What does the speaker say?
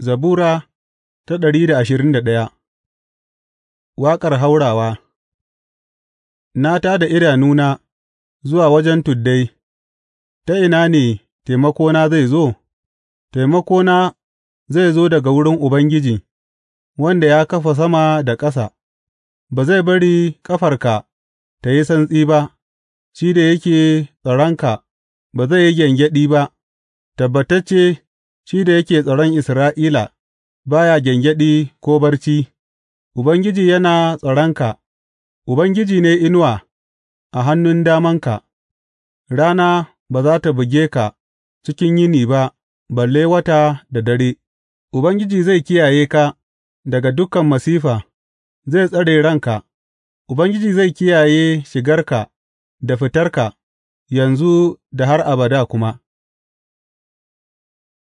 Zabura ta ɗari da ashirin da ɗaya. Waƙar haurawa Na tā da idanuna zuwa wajen tuddai, ta ina ne taimakona zai zo, taimakona zai zo daga wurin Ubangiji, wanda ya kafa sama da ƙasa, ba zai bari ƙafarka ta yi santsi ba, shi da yake tsaronka ba zai yi gyangyaɗi ba, tabbatacce shi da yake tsaron Isra'ila, ba ya gyangyaɗi ko barci, Ubangiji yana tsaronka, Ubangiji ne inuwa a hannun damanka, rana ba za ta buge ka cikin yini ba, balle wata da dare, Ubangiji zai kiyaye ka daga dukan masifa, zai tsare ranka, Ubangiji zai kiyaye shigarka da fitarka, yanzu da har abada kuma.